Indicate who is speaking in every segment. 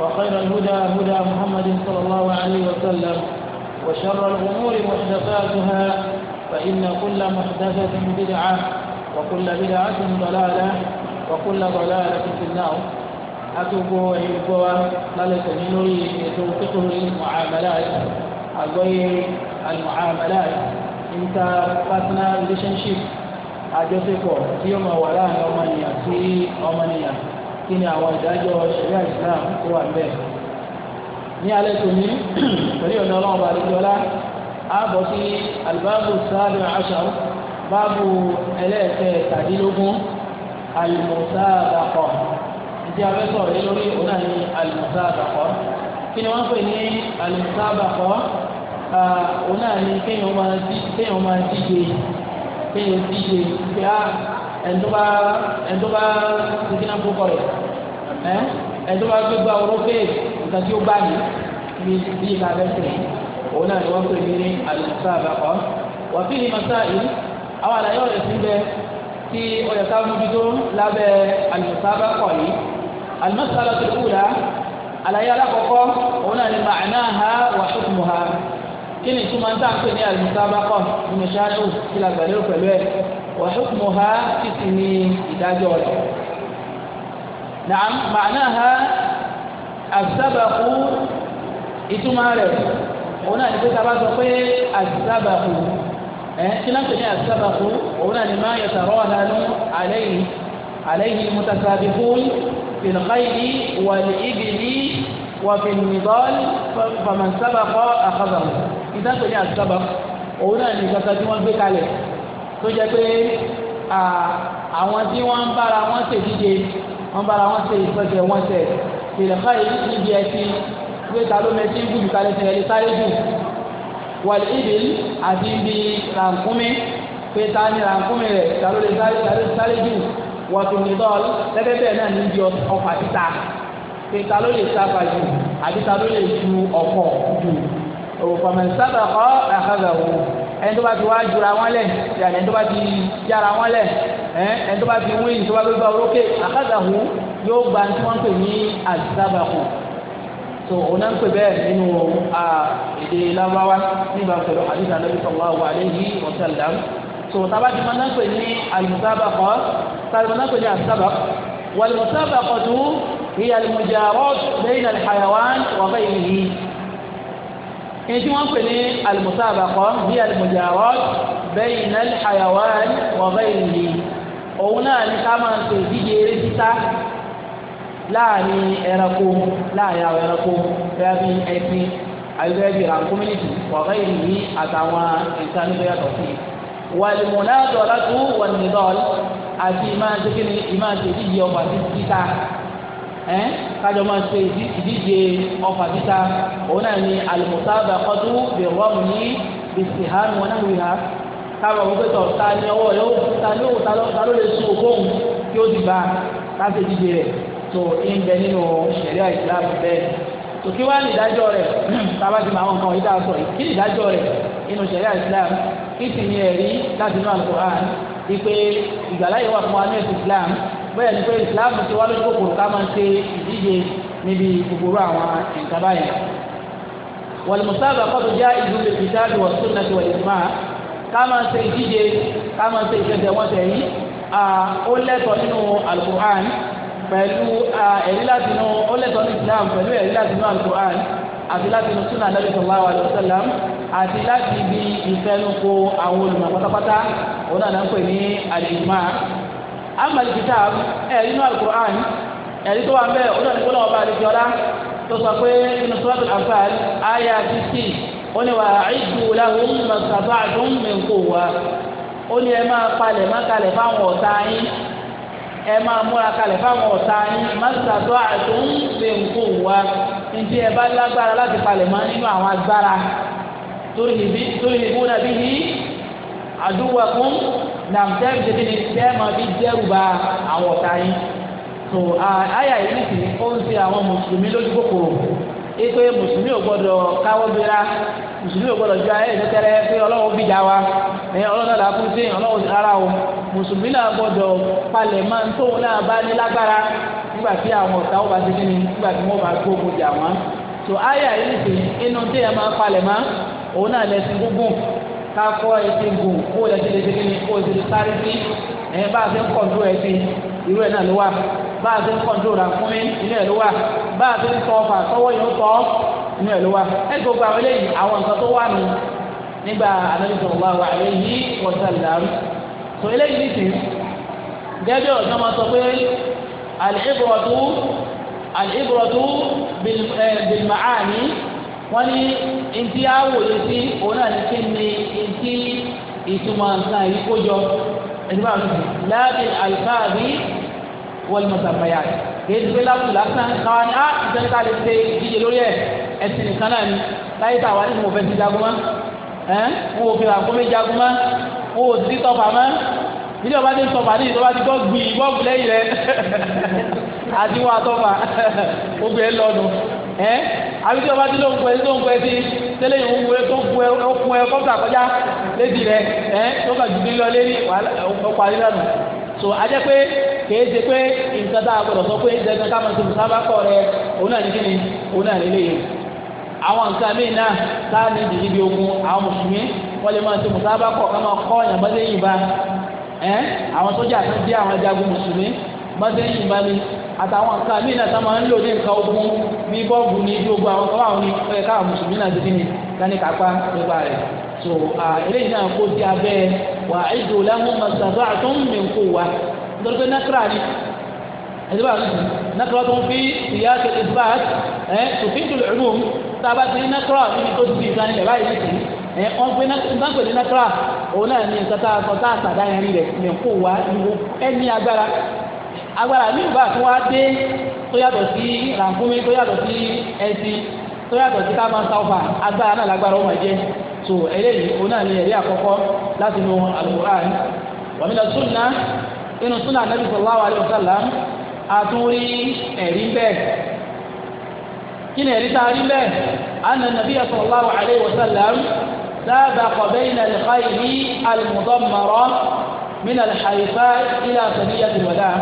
Speaker 1: وخير الهدى هدى محمد صلى الله عليه وسلم وشر الأمور محدثاتها فإن كل محدثة بدعة وكل بدعة ضلالة وكل ضلالة في النار أتوبوا وإبوا لالك نلوي يتوقفه للمعاملات أقوي المعاملات أنت قتنا relationship àjọṣepọ̀ tí ọmọ wà láàrin ọmọnìyàn sí kí ni àwọn ìdájọ́ ṣẹ̀ríà Islam tó wà bẹ́ẹ̀. ní alẹ́ tòní pẹ̀lú ọ̀nà ọlọ́run bá lójú ọlá a bọ̀ sí alibabu sáábì aṣọ báàbù ẹlẹ́ẹ̀kẹ́ tàdínlógún alimusabakọ ìdí abẹ́ sọ̀rọ̀ yìí lórí òun náà ní alimusabakọ kí ni wọ́n pè ní alimusabakọ òun náà ní kéèyàn máa díje kéèyàn díje kí á ẹ̀ńtọ́ba ẹ̀ńtọ́ba ṣìkínà fúnkọ rẹ̀ ẹ̀ ẹ̀ńtọ́ba gbégbá orókè nǹkan tí ó bá yìí ní bí ìlà abẹ́sẹ̀ òun náà ni wọ́n pè mí ní àlùfáà àbákọ́ wà fi ní masá yìí àwọn àlàyé ọ̀rẹ́ sí bẹ tí ọ̀yẹ̀ ká mójútó lábẹ́ àlùfáà àbákọ́ yìí àlùfáà àbákọ́ kúrà àlàyé alákọ̀ọ́kọ́ òun náà ni màánà ha wà ṣùkùmù ha kí ni ìtumọ̀ ń tà ń pè ní àlùfáà àbákọ́ ìmọ̀ṣáájú kí la gbàlérò pẹ̀lú ẹ̀ وحكمها اسمي إذا جرى نعم معناها السبق إتمارس هنا نقول تبعث السبق كنا نقول السبق هنا ما يتراهن عليه عليه المتسابقون في الخيل والإبل وفي النضال فمن سبق أخذه إذا كنا السبق هنا نقول تبعث tó jẹ́ pé àwọn tí wọ́n ń bára wọn ṣe díje wọ́n bára wọn ṣe ìfẹsẹ̀ wọn ṣe ìrẹ̀fà yìí níbi ẹ̀sìn pé ta ló mẹ́tí ń gbùdù kalẹ̀ tẹ̀lé sáré jù wàlẹ̀ ìbìl àti ibi rànkúmi pé ta ni rànkúmi rẹ̀ ta ló lè sáré jù wọ́tún ní dọ́ọ̀lù gẹ́gẹ́ bẹ́ẹ̀ náà ní ibi ọkọ̀ àti ta pé ta ló lè sáfà jù àti ta ló lè ju ọkọ̀ jù òfòmọ̀n sábà kọ́ àkàgà wò ẹni tó bá ti wá jura wọn lẹ̀ yàrá ẹni tó bá ti yára wọn lẹ̀ ẹni tó bá ti wí tó bá gbé bá orókè àkàgà yóò gba tí wọ́n pè ní àzábà kù tó òun ń pè bẹ́ẹ̀ nínú èdè lábáwá nígbà pẹ̀lú àdìsá lórí sọ̀rọ̀ wà lẹ́yìn ọ̀sẹ̀lá tó tábà ti máa ń pè ní àlùsábà kọ́ tábà ń pè ní àzábà wàlùsábà kọ́ tó هي المجاورات ètí wọ́n pè ní alimusaabakọ bí alimujaarọ bẹ́yìn náà hayawan wọ́bẹ́yìn lè òun náà ní ká máa ń pè díje eré títà láàrin ẹranko láàrin àwọn ẹranko bẹ́ẹ̀ bí ẹṣin àyùbẹ́ẹ́ bí rànkúmínìtì wọ́bẹ́yìn lè àtàwọn ìsanubẹ́yàtọ̀ sí i wàlìmùnádọ́lá tó wà nìdọ́ọ̀lù àti ìmáàtìkìní ìmáàtìkìní yọ̀ọ̀bà títà ẹ kájọ máa ṣe ìdíje ọfà títa òun náà ni al-musabaqatu bir-ramyi bis-siham wa nahwiha káwọn ọmọ pẹtọ ta ni ọwọ́ yóò ta ni òun ta ló lè sun òkóhùn kí ó ti bá láti ìdíje rẹ tó ń bẹ nínú ṣẹ̀ríà ìsìlámù bẹ́ẹ̀ òkè wá ní ìdájọ́ rẹ̀ tába ti máa wọn kan ìdá sọ yìí kí ní ìdájọ́ rẹ̀ nínú ṣẹ̀ríà Islam kí sì ní ẹ̀rí láti inú Al-Qur'an wípé ìgbàláyè wà fún wa ní ẹ̀sìn Islam bẹ́ẹ̀ ni pé Islam, ti wá lójú kòkòrò ká máa ń ṣe ìdíje níbi gbogbo àwọn nǹkan báyìí. wàlùmùsáàbà kọ́tù já ìlú lè fi dáàbò wà sóun náà ti wà lè má ká máa ṣe ìdíje ká máa ṣe ìṣẹ̀ṣẹ̀ wọn tẹ̀ yìí ó lẹ́tọ̀ọ́ nínú alukur'an pẹ̀lú ẹ̀rí láti nù ó lẹ́tọ̀ọ́ ní islam pẹ̀lú ẹ̀rí láti nù alukur'an àti láti nù sunnah nabi sallallahu alayhi wa sallam àti láti ibi ìfẹnukò àwọn olùmọ̀ pátápátá òun náà náà ń amal kitab ẹ̀rí inú alukur'an ẹ̀rí tó wà ń bẹ ọ̀nà ní kólọ́wọ́ bá àlejò ọ̀la tó sọ pé inú suratul anfal aya fifty ó ní wà áìdù lahum mastata'tum min quwwa ó ní ẹ máa palẹ̀ má kalẹ̀ fáwọn ọ̀tá yín ẹ máa múra kalẹ̀ fáwọn ọ̀tá yín mastata'tum min quwwa ntí ẹ bá lágbára láti palẹ̀ mọ́ nínú àwọn agbára tó lè bú nàbí yìí àdúgbò ẹ̀kún nàmtẹ́rù ṣe kíni tẹ́ máa fi dẹ́rù ba àwọn ọ̀tá yín tó àyà yìí sì ó ń ṣe àwọn mùsùlùmí lójú kòkòrò ipe mùsùlùmí ò gbọdọ̀ káwọ́ bíra mùsùlùmí ò gbọdọ̀ ju ayé ìdókẹ́rẹ́ pé ọlọ́wọ́ bíjà wa ẹ̀yìn ọlọ́dọ̀ là fún sí ọlọ́wọ́ rárá o mùsùlùmí náà gbọdọ̀ palẹ̀ máa ń tóun náà bá ní lágbára nígbà tí àwọn ọ̀tá ó bá ti kíni nígbà tí wọ́n bá gbógun kakọ ẹsẹ gbò kó o lẹsẹ lẹsẹ kini kó o lẹsẹ sáré sí ẹ bá a fẹ ń kọńtró ẹsẹ irú ẹ náà ló wà bá a fẹ ń kọńtró ra fún mi inú ẹ ló wà bá a fẹ ń tọ ọfà tọwọ yìí ó tọ inú ẹ ló wà ẹ gbogbo àwọn eléyìí àwọn nǹkan tó wà nù nígbà Ànábì sallallahu tó eléyìí ní sìn gẹ́gẹ́ ọ̀sán máa sọ pé al-ibratu al wọ́n ní ntí awòye sí òun náà ní kí ni ntí ìtumọ̀ nǹkan yìí kó jọ ẹ̀dùnmọ̀ àwọn ọ̀sẹ̀ láàbì àlùfáàbí wọlé mọ̀tàfàyà kìí ti pé lábùú lásán káwá ní á ah, ìfẹ́ ká lè ṣe ìdíje lórí ẹ̀ ẹ̀sìn nìkan náà ni láyé tàwa ní mo fẹ́ ti jagun mọ́ ẹ̀ mo ò fi àkómi jagun mọ́ mo ò ti tọ́fà mọ́ ilé ọba ti ń sọfà ní ìtọ́ba ti gbọ́ gbì bọ́ọ̀bù lẹ́yìn rẹ̀ àti wọn àtọ́fà gbogbo ẹ̀ lọ́nu ẹ̀ àbí tí o bá ti ló ń pẹ tó ń pẹ sí tẹ́lẹ̀ yìí ń wúre tó fún ẹ ó fún ẹ kọjá lédi rẹ ẹ tó kà jù nílọ lé ní so pé kèé ṣe pé a gbọ́dọ̀ sọ pé dandan ká máa ti mùsàlá kọ̀ rẹ òun náà ní kíni òun náà àwọn nǹkan míì náà tá a ní ìdílé bí ogun àwọn mùsùlùmí wọ́n lè máa ti kọ̀ ká máa kọ́ ọ̀yàn yìnbá ni àtàwọn nǹkan míì náà sábà ń lò ní nǹkan ogun bí bọ́ọ̀bù ní bí ogun àwọn kọ́wáwọn ní ẹ̀ káwọn mùsùlùmí náà ti kí ni kání kápá nípa rẹ̀ so eléyìí náà kó sí abẹ́ wà ẹ̀dùn lẹ́mú masàbá tó ń mì kó wa nítorí pé nákàrà ni ẹ̀dùn bá mi nákàrà tó ń fi ìyá kẹ̀kẹ́ bá ẹ̀ tòfin tó lè rún tá a bá ti ní nákàrà níbi tó ti ìdánilẹ̀ báyìí nìkan ẹ̀ wọ́n gbé nákàrà òun náà ní nǹkan tá a sọ tá a sàdá yẹn rí rẹ̀ agbára mi ìgbà tó wá dé tó yàtọ̀ sí ràǹkúmi tó yàtọ̀ sí ẹṣin tó yàtọ̀ sí káma sáfà agbára náà lágbára ọmọ ẹ̀jẹ̀ tó eléyìí òun náà ní ẹ̀rí àkọ́kọ́ láti nu alukur'an wàmí lọ súnà inú súnà nàbí sallallahu alaihi wasallam àtúrí ẹ̀rí bẹ́ẹ̀ kí ni ẹ̀rí táa rí bẹ́ẹ̀ anna nabiyya sallallahu alaihi wasallam سابق بين الخيل المضمرة من الحيفاء إلى ثنية الوداع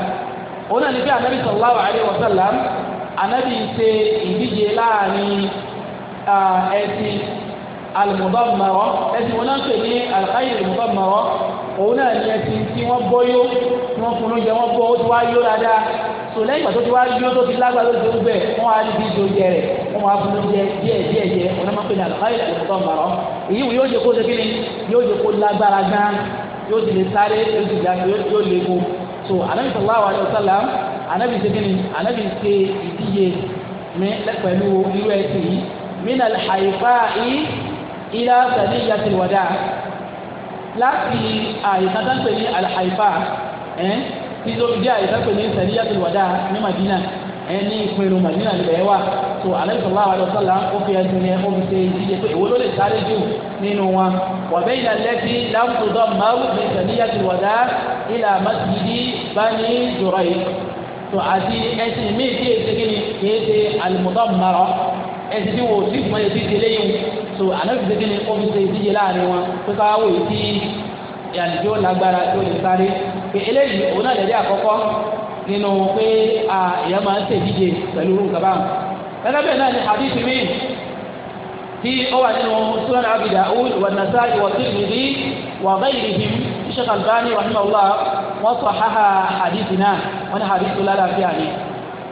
Speaker 1: òun náà ní bí anabi sallallahu alayhi wa sallam anabi ṣe ìdíje láàrin ẹ̀sìn alùmùbámọ̀rọ̀ ẹ̀sìn wọn náà pè ní alùkáyìn alùmùbámọ̀rọ̀ òun náà ní ẹ̀sìn tí wọ́n bọ́ yó tí wọ́n funu jẹ wọ́n bọ́ ó ti wá yó dáadáa tò lẹ́yìn ìgbà tó ti wá yó tó ti lágbára tó ti ń bẹ̀ wọ́n á níbi ìjọ jẹ rẹ̀ wọ́n wá funu jẹ díẹ̀ díẹ̀ jẹ òun náà máa pè ní alùkáyìn alùmùbámọ̀rọ̀ èyí wò yóò jẹ kó ṣe yóò jẹ kó lágbára gan yóò ti lè sáré yóò ti lè so anabi sallallahu alayhi wa sallam anabi ṣe kíni anabi ṣe ìdíje mi pẹ̀lú irú ẹsẹ̀ yìí mina haifa yìí ilá sani yasirwada láti àyíkátàpẹ̀ ní alhaifa ẹ̀ tí ló fi dé sani yasirwada ní madina ẹni ìpinnu Madina níbẹ̀ wà tó Ànábì sallallahu alaihi wasallam ó fi ẹsẹ̀ ní ẹ̀kọ́ fi ṣe ìdíje pé èwo ló lè sáré jù nínú wọn wa bayna allati lam tudammar min saniyati al-wada' ila masjidi Bani Jurayj tó àti ẹsìn míì tí èsì kìíní kìí ṣe al-mudammara ẹsìn tí wò ó fún ẹsìn ìdílé yìí tó Ànábì kìíní ó fi ṣe ìdíje láàrin wọn pé nínú pé ìyá máa ń tẹ̀díje pẹ̀lú orúkọ bá wọn. gẹ́gẹ́ bẹ́ẹ̀ náà ni hadith mi tí ó wà nínú sunan abi da'ud wa nasa'i wa tirmidhi wa ghayrihim sheikh albani rahimahullah wọn sọ haha hadith náà wọn ni hadith lálàáfíà ni.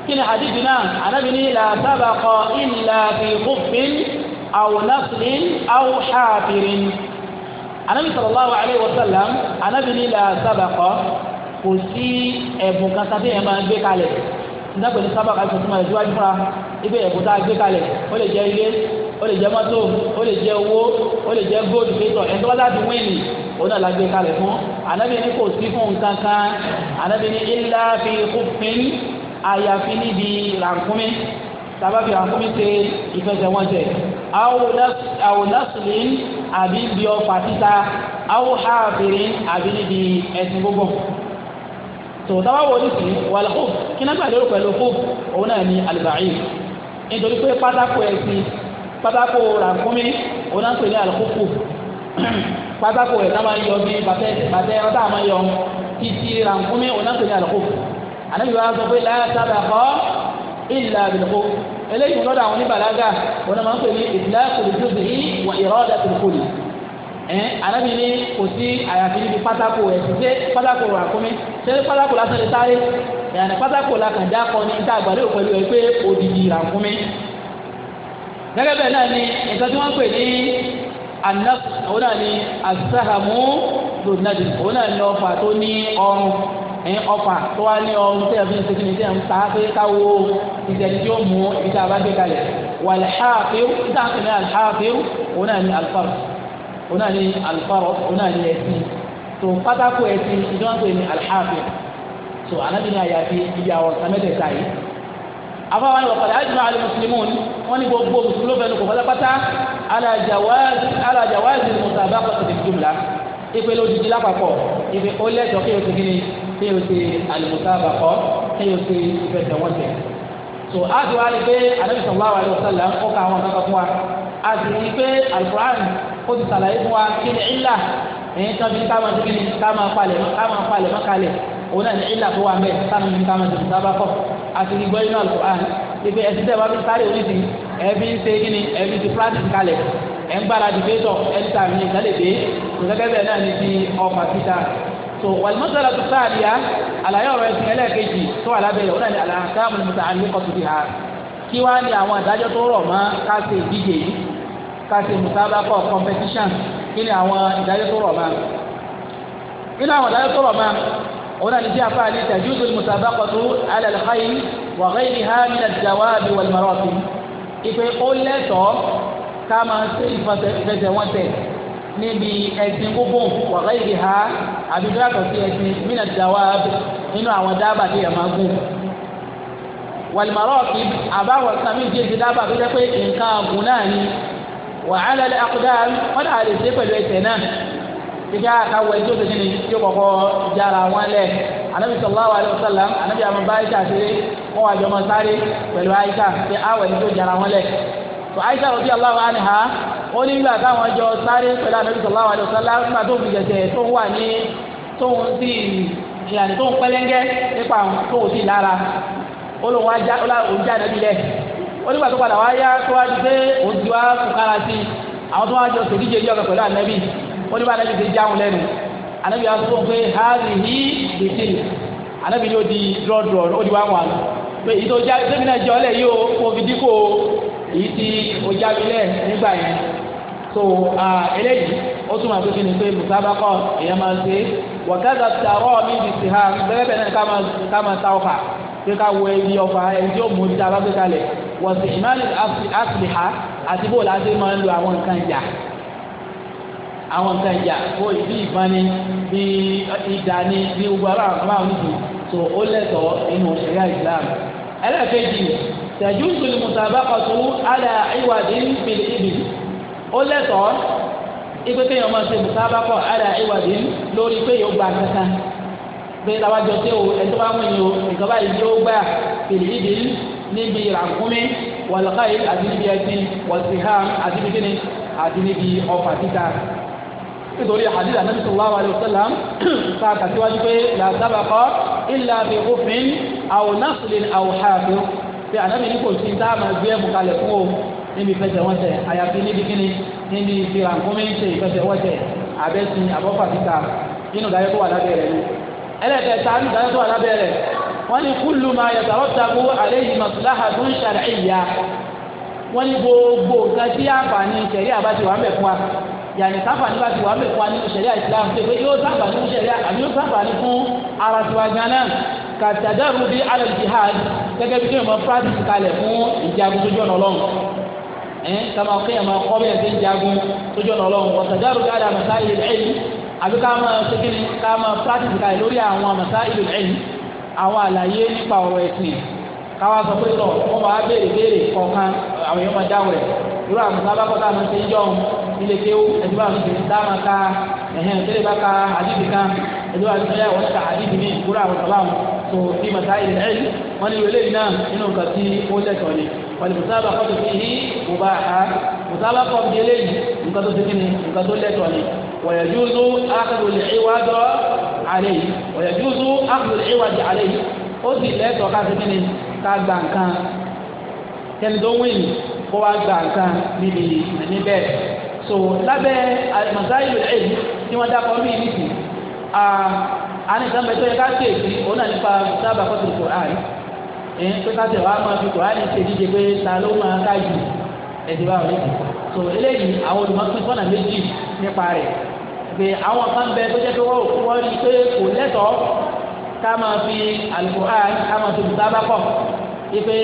Speaker 1: kí ni hadith náà anabi ni la sabaqa illa fi kufin aw naslin aw xaafirin. anabi sallallahu alayhi wa sallam anabi ni la sabaqa kò sí ẹ̀bùn kasa tí yẹn máa gbé kalẹ̀ nígbàgbé ní sábà ká sọ̀tún máa síwájú fúnra ibi ẹ̀bùn tá a gbé kalẹ̀ ó lè jẹ́ ilé ó lè jẹ́ mọ́tò ó lè jẹ́ owó ó lè jẹ́ gold paper ẹ̀ tọ́lá ti wí ni òun náà la gbé kalẹ̀ fún anabi ní kò sí fún nǹkan kan anabi ní ilá fi kúfin àyàfi níbi rànkúmi tàbá fi rànkúmi ṣe ìfẹsẹ̀wọnsẹ̀ àwòlásìlín àbí bí ọfà títa àwòhàbìrín àbí níbi ẹ̀sìn gbogbo tó táwa wọ nísìnyí wàlá hóp kí náà gbàdúrà pẹ̀lú hóp òun náà ní alìbàáyì nítorí pé pátákó ẹ̀sìn pátákó ràkúnmí òun náà ń pè ní alìkókò pátákó ẹ̀ náà máa ń yọ bí bàtẹ́ bàtẹ́ ọ̀tá máa ń yọ títí ràkúnmí òun náà ń pè ní alìkókò ànábì wa sọ pé láyà sábà kọ́ ìlà àbìlẹ̀kọ́ eléyìí lọ́dọ̀ àwọn oníbàlágà wọn máa ń pè ní ìtìláàkù lójúbi yìí wà ìrọ́dà tìrìkùlì ẹ̀ ànábì kò sí àyàfi níbi pátákó ẹ̀ ti pátákó ràkúnmí sẹ́ni pátákó lásán lè sáré ìyànà pátákó làkàn dá kan ní níta àgbàdo pẹ̀lú ẹ pé òdìdí ràkúnmí. gẹ́gẹ́ bẹ́ẹ̀ náà ni nǹkan tí wọ́n pè ní anaf òun náà ni asahamu lòdìdí òun náà ni ọfà tó ní ọrùn ẹ̀yìn ọfà tó wá ní ọrùn tẹ́lẹ̀ fi ń segin ní tẹ́lẹ̀ ń ta pé káwo ìṣẹ̀lẹ̀ tí ó mú ibi tá kalẹ̀ wàlhàfíw so pátákó ẹ̀sìn ìdánwò ní alhafi so anabi ní àyàfi ibi àwọn sàmẹ́tẹ̀ẹ̀ta yìí afáwọn àwọn ọ̀pọ̀lọpọ̀ àjùmọ̀ àlẹ́ mùsùlùmí wọn ni gbogbo mùsùlùmí fẹ́ẹ́ lóko pátápátá alájàwáàzì mùsàbá pàtàkì jùmùlá ìpele òjijì lápapọ̀ ìpè ó lẹ́tọ̀ọ́ kí o ti gbìn kí o ti àlùmùsàbà kọ́ kí o ti ìfẹsẹ̀wọnsẹ̀ so àti wàá rí pé anabi sallallahu alaihi wasallam ó ka àwọn ọ̀nà kan fún wa àti rí pé alukur'an ó ti sàlàyé fún wa kí ni ìlà ẹ̀yìn tán fi ní káma sí kíni káma palẹ̀ káma palẹ̀ má kalẹ̀ òun náà ní ìlà tó wà mẹ́ẹ̀ sáà ní káma sí sábà kọ́ àti ìgbọ́ inú Al-Qur'an ibi ẹ̀sìn tẹ̀ wá fi sáré oníṣì ẹ̀bí ń ṣe kíni ẹ̀bí ti practice kalẹ̀ ẹ̀ ń gbára dìbẹ́tọ̀ ẹ̀ńtà mi ìtàlẹ̀ dé kò gẹ́gẹ́ bẹ́ẹ̀ náà ní ti ọkọ̀ àfíta so walimọsala tó sáàdìyà àlàyé ọ̀rọ̀ ẹ̀sìn ẹlẹ́ẹ̀kejì tó wà lábẹ́rẹ̀ ọ̀nà ni àlàkàmù mùtà àlékọ̀tù bí ha kí wá ní àwọn àdájọ́ tó rọ̀ mọ́ káṣe ìdíje yìí káṣe mùsábàkọ̀ competition kí ni àwọn ìdájọ́ tó rọ̀ máa kí ni àwọn ìdájọ́ tó rọ̀ máa òun náà ní sí afá ní tajuzu musabaqatu ala al-khayl wa ghayriha min ad-dawabi wal-maratib ìpè ó lẹ́tọ̀ọ́ ká máa ṣe ìfẹsẹ̀wọnsẹ̀ níbi ẹ̀sìn gbogbo wa ghayriha àdúgbò sí ẹ̀sìn min ad nínú àwọn dábàá tí yẹn máa gùn wal-maratib sàmì jẹ́ dábàá tó jẹ́ pé nǹkan àgùn náà ni wà á lẹ́lẹ́ akọ́dá wọ́n dà lè ṣe pẹ̀lú ẹsẹ̀ náà kíkẹ́ àkàwọ̀ ẹjọ́ tó kíni tí ó kọ́kọ́ jára wọn lẹ̀ anabi sallallahu alayhi wa sallam anabi àmọ́ bá aisha ṣeré wọ́n wà jọmọ sáré pẹ̀lú aisha ṣe àwọ̀ ẹjọ́ jára wọn lẹ̀ tó aisha radiyallahu anha ó ní gbà táwọn jọ sáré pẹ̀lú anabi sallallahu alayhi wa sallam nígbà tó fi jẹ̀sẹ̀ tó ń wà ní tó ń sì ìlànà tó ń pẹ́lẹ́ngẹ́ nípa tó ń sì lára ó lóun wá já ó lá wọ́n nígbà tó padà wá yá tó wá di pé òun ti wá fúkàrà sí i àwọn tó wá jọ sèdíje yí ọ̀gá pẹ̀lú ànábì wọ́n nígbà ti jáwọn lẹ́nu ànábì á sọ pé hàbì yí bìtì ànábì yóò di drọ́drọ́ ó di wá wọn pé ìtò já sẹ́mi náà jọ lẹ̀ yìí ó kó fi dínkù èyí tí ó mi lẹ̀ nígbà yẹn so eléyìí ó túmọ̀ pé kí ni pé musabakọ̀ èèyàn máa ń ṣe wọ̀gádà tààrọ̀ mi bì sí ha bẹ́ẹ̀ bẹ́ẹ̀ náà ká máa ta ọfà pé ká wọ ẹbí ọfà ẹni tí ó mú ta bá gbé kalẹ̀ wọ̀sí ìmáàlì àfìlìhà àti bóòlù àti máa ń lo àwọn nǹkan ìjà àwọn nǹkan ìjà bó ibi ìbọn ni bí ìdá ni bí gbogbo ara àwọn máa ń dùn tó ó lẹ́tọ̀ọ́ nínú ṣẹ̀ríà ìsìlámù. ẹlẹ́ẹ̀kejì tẹ̀júùsù ni musabaqatu ala iwadin bil ibil ó lẹ́tọ̀ọ́ ipe kéèyàn máa ṣe musabaqatu ala iwadin lórí pé yóò gba kankan pé làwájọ tẹ́ o ẹ̀ tó bá mú ni o ìjọba yìí yóò gbà bil ibil níbi ìràkúnmí wàlúkàyè àti níbi ẹtì wàsíhàm àti níbi kíni àti níbi ọfà títà nítorí hadith anabi sallallahu alayhi wa sallam ta kàtíwájú pé la sabaqa illa bi hufin aw naslin aw hafi pé anabi ní kò sí tá a máa gbé ẹ̀mú kalẹ̀ fún o níbi ìfẹsẹ̀wọnsẹ̀ àyàfi níbi kíni níbi ìfìrànkúnmí ṣe ìfẹsẹ̀wọnsẹ̀ abẹ́sìn àbọ̀fà títà nínú ìdájọ́ wà lábẹ́ rẹ̀ ni wọ́n ní kúlù máa yàtọ̀ dàbò àléyìn mọ̀tòláhà tó ń ṣàrẹ̀ ìyá wọ́n ní gbogbo nǹkan tí àǹfààní ìṣẹ̀rí àbá ti wà ń bẹ̀ fún wa yàní sáfàní bá ti wà ń bẹ̀ fún wa nínú ìṣẹ̀rí àìsílámù tó pé yóò sáfàní fún ìṣẹ̀rí àbí yóò sáfàní fún ara tiwa ganan kàtàdàrú bí alẹ́ jihad gẹ́gẹ́ bí kéèyàn máa practice kalẹ̀ fún ìjagun tó jọ̀nà ọlọ́run ẹ̀ kàmá kéèyàn máa kọ́ bẹ́ẹ̀ sí ìjagun tó jọ̀nà ọlọ́run kàtàdàrú bí alẹ́ àmàtà àbí ká máa ṣe kí ká máa practice kalẹ̀ lórí àwọn àmàtà ìlú ẹ̀yìn àwọn àlàyé nípa ọ̀rọ̀ ẹ̀sìn káwá sọ pé lọ wọn máa béèrè béèrè kọ̀ọ̀kan àwọn èèyàn máa dáwọ̀ ẹ̀ irú àwọn sábàkọ́tà máa ń ṣe jọ ilé kéwú ẹ̀dí bá wọn ti dá máa ka ẹ̀hẹ́n tẹ́lẹ̀ bá ka àdìbì kan ẹ̀dí bá wọn ti ka àdìbì mi irú àwọn wọn tó wọn ni náà nínú nǹkan tí ó ni tó ni àlẹ́yìí ọ̀yẹ̀dúzú ápùlù ìwádìí àlẹ́yìí ó sì lẹ́tọ̀ọ́ káfíńtì ni ká gbà nǹkan tẹni tó wìn kó wá gbà nǹkan níbi níbẹ̀ so lábẹ́ àlùmọ̀sáyìlú ẹ̀yìn tí wọ́n dákọ̀ mí nìsí àníkànbẹ tó yẹ ká kéèké òun náà nípa sábà kọ́tù kùránì ẹ̀ pé ká tẹ̀ wá máa fi kùránì ṣe díje pé ta ló máa ká jù ẹ̀dínwá òní so eléyìí àwọn olùmọ̀pín na méjì nípa rẹ̀ pé àwọn kan bẹ tó jẹ́ pé wọ́n kú wọ́n rí i pé kò lẹ́tọ̀ọ́ ká máa fi alukur'an ká máa fi bùtá bá kọ̀ ipe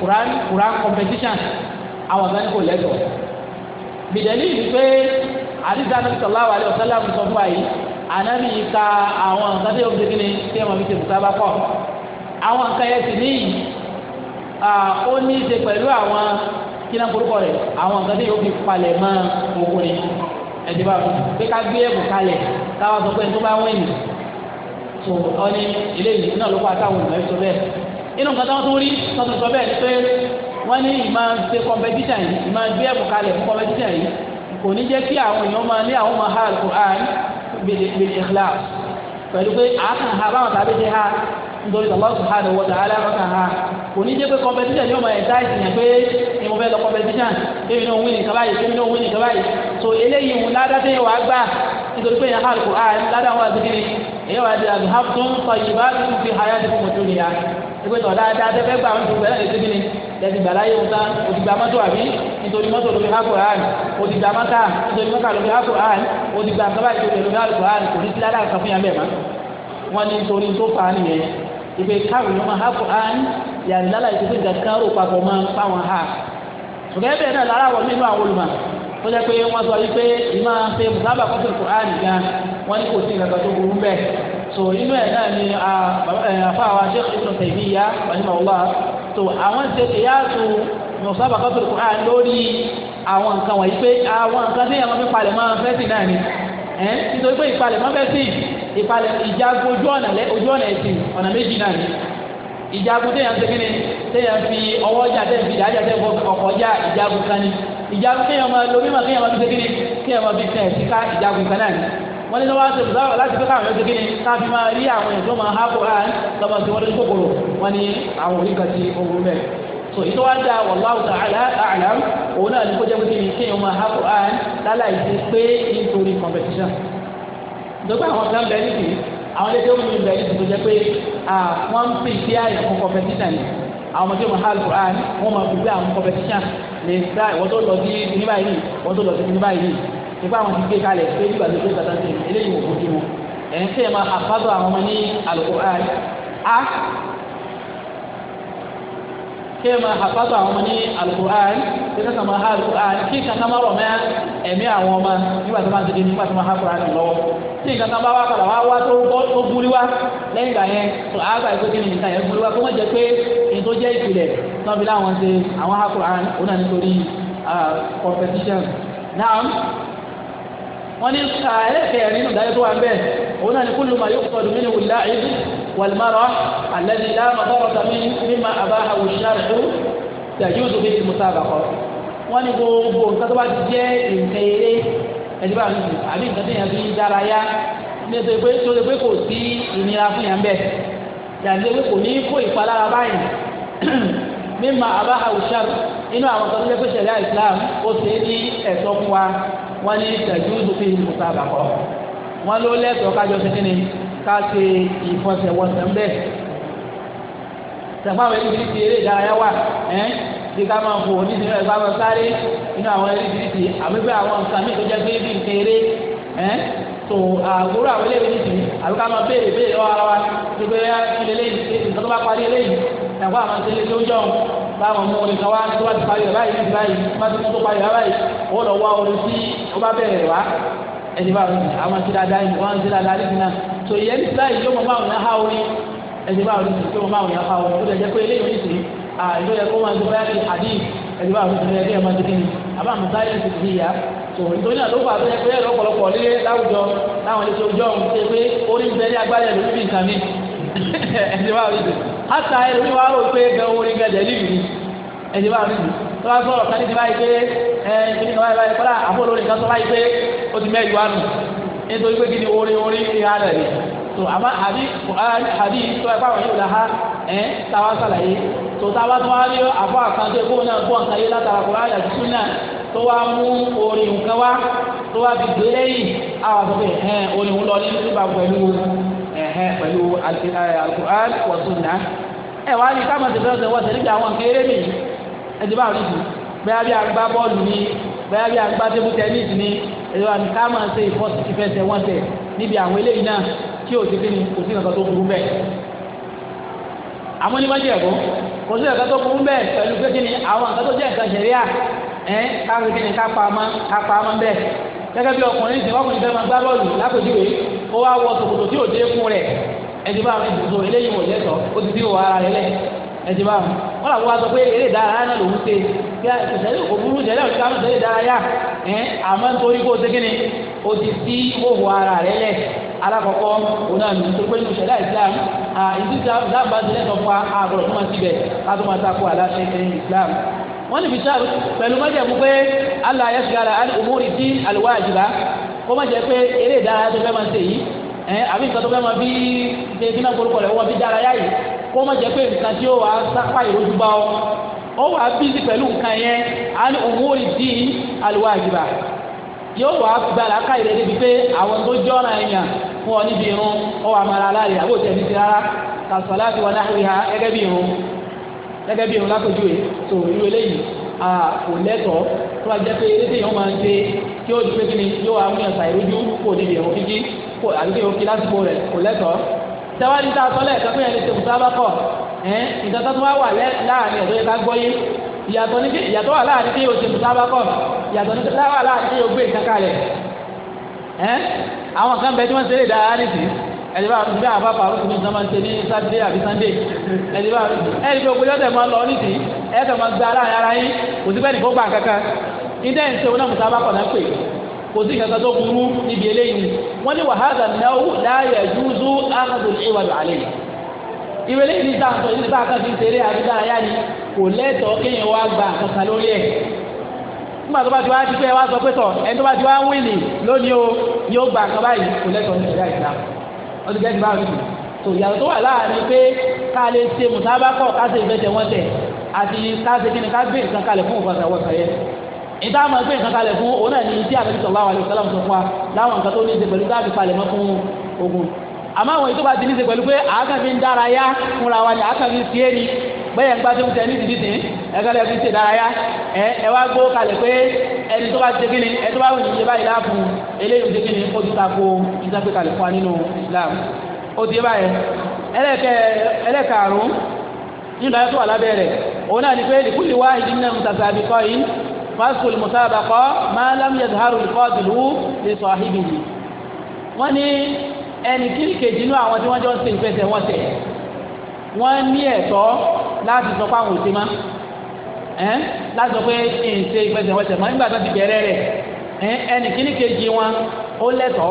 Speaker 1: kuran kuran competition àwọn kan kò lẹ́tọ̀ọ́ bìdẹ́lì ni pé àdìsá nàbì sallallahu alaihi wasallam sọ fún wa yìí ànábì yìí ka àwọn nǹkan tó yẹ kó segin ni tí wọn fi ṣe bùtá bá kọ̀ àwọn nǹkan yẹn sì níyì ó ní í ṣe pẹ̀lú àwọn kí náà rẹ̀ àwọn nǹkan tó yẹ kó fi palẹ̀ mọ́ òkú ẹ̀dí bá pé ká gbé ẹ̀bùn kalẹ̀ táwa sọ pé tó bá wẹ̀ tó ọní eléyìí náà ló kọ́ àtàwọn ìmọ̀ ẹ̀ sọ bẹ́ẹ̀ inú nǹkan tó ń rí tọ́tún sọ bẹ́ẹ̀ pé wọ́n ní ìmọ̀ ṣe kọ́mpẹ́tíṣà yìí ìmọ̀ gbé fún yìí kò ní jẹ́ kí àwọn èèyàn máa ha ha báwọn tàbí ti ha nítorí kò ní jẹ́ pé competition ni ó máa ẹ̀dá ìsìnyàn pé ni mo fẹ́ lọ competition kémi náà win nǹkan báyìí kémi náà win nǹkan báyìí so eléyìí ń ládá tẹ́ wàá gbà nítorí pé ìyàhà àlùkò à ládá wà sí kiri èyí wà sí àbí hàp tó ń sọ yìí bá tún fi hayá ní fún ojú nìyà ìpè tó dáadáa tẹ́ fẹ́ gbà wọn tó bẹ̀rẹ̀ sí kiri lẹ́sìn gbàlá yóò tán òdìgbà mọ́tò àbí nítorí mọ́tò ló fi hákò hàn òdìgbà mọ́tà nítorí mọ́tà ló fi hákò hàn òdìgbà nǹkan báyìí tó fi ló fi hákò hàn kò ní sí ládàá kan fún yàrá bẹ́ẹ̀ mọ́ wọ́n ní nítorí tó fà á nìyẹn ìgbé káwọn yóò máa ha kó án yàrá ìlàlá ìdílé ìdàkà rò papọ̀ máa ń fáwọn ha ṣùgbọ́n ẹ̀bẹ̀ náà lára wọ̀ nínú àwọn olùmọ̀ tó jẹ́ pé wọ́n sọ wípé ìmọ̀ ṣe mùsàlùmá kọ́tù kùrán nìkan wọ́n ní kò sí nǹkan tó burú bẹ́ẹ̀ so inú ẹ̀ náà ni àfa àwọn Sheikh Ibn Taymiyyah rahimahullah so àwọn ṣe kìyàtù mùsàlùmá kọ́tù kùrán lórí àwọn nǹkan wọ̀nyí pé àwọn nǹkan tí àwọn fi palẹ̀ mọ́ fẹ́sìn náà ni nítorí pé ìpalẹ̀ mọ́ fẹ́sìn ìfalẹ̀ ìjagun ojú ọ̀nà lẹ ojú ọ̀nà ẹ̀sìn ọ̀nà méjì náà ni ìjagun téèyàn ṣe kíni téèyàn fi ọwọ́ jà téèyàn fi dájà téèyàn fi ọkọ̀ jà ìjagun kan ni ìjagun téèyàn máa lo mímọ̀ kéèyàn máa fi ṣe kíni kéèyàn máa fi tẹ̀ síká ìjagun kan náà ni wọ́n ní lọ́wọ́ ṣe bùdáwọ̀ láti fẹ́ káwọn ṣe kíni káfí máa rí àwọn èèyàn tó máa há kóra lọ́mọ sí wọ́n lójú kòkòrò wọ́n ní àwọn orí kan ti ogun bẹ́ẹ̀ so ìtọ́ wa da wallahu ta'ala a'lam òun náà ní kó jẹ́ pé kíni kéèyàn máa há kóra láláì ṣe pé nítorí competition nítorí àwọn kan bẹ níbi àwọn ilé tó ń bẹ níbi tó jẹ pé wọ́n ń pè sí àyè fún competition yìí àwọn ọmọdé wọn hàlù àn wọ́n máa fi gbé àwọn competition lè gba ìwọ́n tó lọ sí ní báyìí ìwọ́n tó lọ sí ní báyìí nípa àwọn ti gbé kalẹ̀ pé nígbà tó gbé kàtà sí eléyìí wò ó dì wọn ẹ̀ ń fẹ́ máa àfádọ́ àwọn ọmọ ní àlùkò àn á kí ẹ máa hàfàtà àwọn ọmọ ní alukur'an kí ẹ kàn máa ha alukur'an kí kankan máa rọ̀ mẹ́ ẹ̀mí àwọn ọmọ nígbà tó máa ń dìde nígbà tó máa ha kur'an lọ́wọ́ tí kankan bá wá kàlà wá wá tó búrí wá lẹ́yìn ìgbà yẹn tó àgbà ìgbé kí ni nìkan yẹn búrí wá kó má jẹ pé ètò jẹ́ ìpìlẹ̀ náà láwọn ṣe àwọn ha kur'an ó náà nítorí ah, competition náà wọ́n ní ah, ẹlẹ́kẹ̀ẹ́ nínú ìdájọ́ tó wà ń bẹ̀ òun náà ní kúlù máa yóò tọ́jú nínú ìlà ìlú wàlmárọ̀ àlẹ́ni láàmà bọ́rọ̀ tàbí mímọ àbáhà òṣìṣàrẹ̀ tàjúùdù bí musa àbàkọ́ wọ́n ní gbogbo nǹkan tó bá jẹ́ nǹkan eré bá mi àbí nǹkan tó yàn fi dárayá nítorí pé tó lè pé kò sí ìnira fún yàn bẹ́ẹ̀ yàtí ewé kò ní kó ìpalára báyìí mímọ àbáhà òṣìṣàrẹ̀ inú àwọn wọ́n ní tẹ̀jú lókè ìmùta àbàkọ́ wọ́n ló lẹ́tọ̀ọ́ kájọ sí kíni ká ṣe ìfọsẹ̀wọnsẹ̀ ńbẹ́ tẹ̀fọ́ àwọn ẹni ti eré ìdárayá wà ẹ́ bí ká máa fò ní sinimá ìgbà máa sáré inú àwọn ẹni ti àbíbẹ́ àwọn nǹkan mi tó jẹ́ pé bí nǹkan eré ẹ́ tó àgbòrò àwọn eléyìí ní àbí ká máa béèrè béèrè lọ́wọ́ ara wa tó gbé ilé lẹ́yìn tó bá parí eléyìí tẹ̀fọ́ àwọn táwọn mú orin kan wá tó bá ti parí rẹ̀ báyìí ti báyìí tó bá ti tó parí rẹ̀ báyìí ó lọ wá orin tí ó bá bẹ̀rẹ̀ wá ẹni bá àwọn ti dáadáa yìí wọ́n ti dáadáa yìí náà tó yẹ ní báyìí yóò mọ báwọn yẹn há orin ẹni báwọn ti yóò mọ báwọn yẹn há orin ó lè jẹ́ pé eléyìí ní sìn àìló yẹ kó máa ti báyà àdí ẹni báwọn ti yẹ kí ẹ máa ti kíni àbá mùsáyé ti ti yà tó nítorí náà ló fà tó yẹ pé lọ́pọ̀lọpọ̀ lílé láwùjọ láwọn ilé tó jọ òun pé orí ń bẹ ní agbára ẹ̀ lórí bí nǹkan mi ẹni báwọn ti ata ẹlòmí wa rò pé bẹ orin gẹ dẹlílù ni ẹdí wa rí tó bá sọ̀rọ̀ kan níbi báyìí pé ẹ kíni kan báyìí kọ́lá àbúrò lórí kan sọ báyìí pé ó ti mẹ́rin wa nù nítorí pé kíni orin orin ní ara rẹ̀ tó àmọ́ àbí àbí tó ẹ fáwọn yóò dáhà ẹ táwa sàlàyé tó táwa tó wá rí àbọ̀ àkàntó ẹ̀kọ́ náà bọ̀ nǹkan yé látara kó ayà tuntun náà tó wá mú orin nǹkan wá tó wá fi gbé lẹ́yìn àwọn àtọ́kẹ́ ẹ̀ orin ń lọ ní ẹ̀hẹ́ pẹ̀lú alukur'an wa sunna ẹ̀ wá ní káàmọ̀ tẹ̀sán tẹ̀sán wọ́n tẹ̀lé àwọn nǹkan eré mi ẹ̀ ti bá wọn nìyí bẹ́ẹ̀ bí agbá bọ́ọ̀lù ni bẹ́ẹ̀ bí agbá tébù tẹ́nísì ni ẹ̀rọ àmì káàmọ̀ ṣe ìfẹsẹ̀ wọn tẹ̀ níbi àwọn eléyìí náà tí o ti fi ni kò sí nǹkan tó burú bẹ́ẹ̀ àmọ́ ní májèlé kó kò sí nǹkan tó burú bẹ́ẹ̀ pẹ̀lú pé kí ni àwọn nǹkan tó jẹ́ nǹkan ṣẹ̀ríà ẹ̀ káàkiri kí ni ká pa á mọ́ ká pa á mọ́ bẹ́ẹ̀ gẹ́gẹ́ bí ọkùnrin ìsìn ọkùnrin fẹ́ máa gbá bọ́ọ̀lù lápèjúwe ó wá wọ sòkòtò tí ò dé kún rẹ̀ ẹtì bá mi dùdú eléyìí wò lẹ́tọ̀ ó ti fi wọ ara rẹ̀ lẹ̀ ẹtì bá mi wọ́n làwọn wá sọ pé eré ìdárayá náà lòún ṣe bí ìṣẹ̀lẹ̀ òkúrú ìṣẹ̀lẹ̀ òkúrú ìṣẹ̀lẹ̀ ìṣẹ̀lẹ̀ ìdárayá ẹ̀ àmọ́ nítorí kó o ṣe kíni o ti fi òwò ara rẹ̀ lẹ̀ alakọkọ ona nu tó pé nínú ṣẹ̀ríà islam a ìdí dábàá ti lẹsọ fún agbọrọ fún ma ti bẹ kátó ma ta kó aláṣẹ ẹ̀yìn islam wọn níbi sáà pẹ̀lú mọjẹ mú pé alayẹsẹ ala umuri di alwajiba kó má jẹ́ pé eré ìdárayá tó fẹ́ máa ṣe yìí ẹ àbí nǹkan tó fẹ́ máa bí ṣe bí náà gbórúkọ rẹ̀ wọ́n bí dárayá yìí kó má jẹ́ pé nǹkan tí ó wàá sápá ìrójú bá ọ ó wàá bízí pẹ̀lú nǹkan yẹn á ní òun ó di àlùwàjìbà yóò wàá gba làákà ìrẹ́ débi pé àwọn tó jọ́ra èèyàn fún ọ níbi irun ọ wà máa aláàrẹ àbò tẹ̀ ní ti rárá kàṣọ́lá ti wà náà rí ha gẹ́gẹ́ bí irun gẹ́gẹ́ bí irun lápèjúwe tó irú eléyìí kò lẹ́tọ̀ọ́ tó a jẹ́ pé eré tí yẹn máa ń ṣe tí ó di pé kíni yóò wá fún ẹ̀sà ìrújú kò níbi ẹ̀rọ kíkí kò àbí kéwòn kí lásìkò rẹ̀ kò lẹ́tọ̀ọ́ tẹ́wájú tá a sọ lẹ́ẹ̀kan fún yẹn lè ṣe kùtà bá tó wá wà láàrin ẹ̀dọ́ yẹn ká gbọ́ yé ìyàtọ̀ wà láàrin kéwòn ṣe kùtà bá ìyàtọ̀ wà láàrin kéwòn gbé ìkankalẹ̀ àwọn kan bẹ tí wọ́n ṣe lè dára ẹni bá bí àbá pàrọ̀ tó ní sọ máa ń ṣe ní sátidé àbí sànńdé ẹni bá ẹni bí ogun yọtẹ máa lọ nídìí ẹyẹtẹ máa gba aláàrin ara yín kò sí pẹ́ẹ́nì fún gbàǹkankan ìdẹ́ ìṣe wọn náà mùsà bá kọ̀ náà pè kò sí kankan tó burú níbi eléyìí wọ́n ní wàhálà náà láàyè júzú áhàdù ìwàlù àlè ìwé lẹ́yìn ní sáà sọ bá kan ti ń wíìlì lónìí o yóò kò lẹ́tọ̀ọ́ wọ́n ti gẹ́gẹ́ bá rí tó ìyàtọ̀ tó wà láàrin pé ká lè ṣe mùsábàkọ̀ ká ṣe ìfẹsẹ̀ wọn tẹ̀ àti ká ṣe kíni ká gbé nǹkan kalẹ̀ fún òfàṣà wọ̀ sàyẹ. ìta máa gbé nǹkan kalẹ̀ fún òun náà ní tí àbẹ̀bí sallallahu alaihi wasallam sọ fún wa láwọn nǹkan tó ní í ṣe pẹ̀lú káàbì palẹ̀ mọ́ fún ogun. àmọ́ àwọn ètò bá ti ní í ṣe pẹ̀lú pé àákàn fi ń dára yá fúnra wa ni àákàn fi ń ṣe é ni bẹ́ẹ̀ gba tó ń tẹ ní ìdílé tẹ̀ ẹ̀ kálẹ̀ fi ṣe ìdárayá ẹ̀ ẹ̀ wá gbó kalẹ̀ pé ẹni tó bá ṣe kí ni ẹ̀ tó bá wù ní ṣe báyìí láàbù eléyìí ṣe kí ni ó ti ta ko ìṣàpè kalẹ̀ fún wa nínú Islam ó ti báyẹn ẹlẹ́kẹ̀ ẹlẹ́kàrún nínú ayé tó wà lábẹ́ rẹ̀ òun náà ni pé ìdíkùlì wá ìdí náà mùtàtà àbíkọ́ yìí fásitì olùmùsàbàkọ́ máa lámì yadharu ìkọ́dùlù lè sọ wọ́n ní ẹ̀tọ́ láti sọ pé àwọn ò ṣe má ẹ́ láti sọ pé ẹ̀ ń ṣe ìfẹsẹ̀wẹsẹ̀ mọ́ nígbà tó ti bẹ̀rẹ̀ rẹ̀ ẹ́ ẹnì kíní kejì wọn ó lẹ́tọ̀